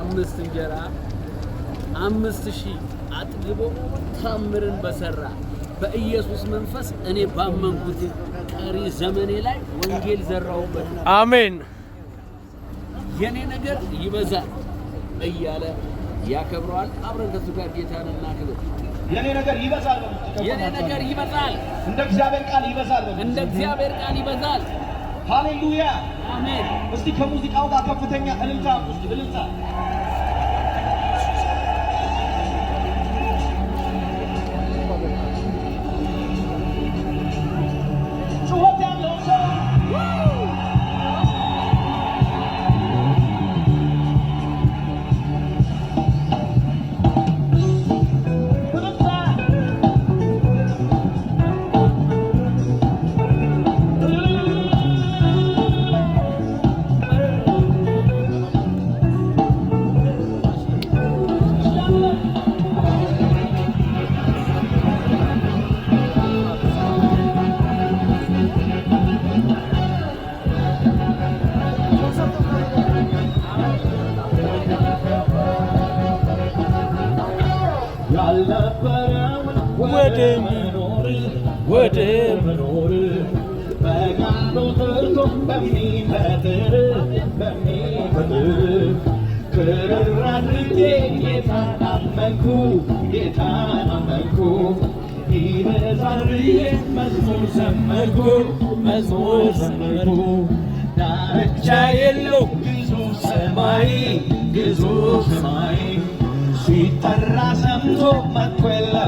አምስት እንጀራ አምስት ሺህ አጥግቦ ታምርን በሰራ በኢየሱስ መንፈስ እኔ ባመንኩት ቀሪ ዘመኔ ላይ ወንጌል ዘራውበት። አሜን። የኔ ነገር ይበዛል እያለ ያከብረዋል። አብረን ከሱ ጋር ጌታን እናክብር። የኔ ነገር ይበዛል፣ የኔ ነገር ይበዛል፣ እንደ እግዚአብሔር ቃል ይበዛል፣ እንደ እግዚአብሔር ቃል ይበዛል። ሃሌሉያ አሜን። እስቲ ከሙዚቃው ጋር ከፍተኛ እልልታ ውስጥ እልልታ ወደ መኖር ወደ መኖር በቃሉ ትርጉም በሚፈጥር በሚፈጥር ክርር አድርጌ ጌታን አመንኩ ጌታን አመንኩ ይበዛርዬ መዝሙር ዘመርኩ መዝሙር ዘመርኩ ዳርቻ የለው ግዙፍ ሰማይ ግዙፍ ሰማይ Chitarra, sandoma, quella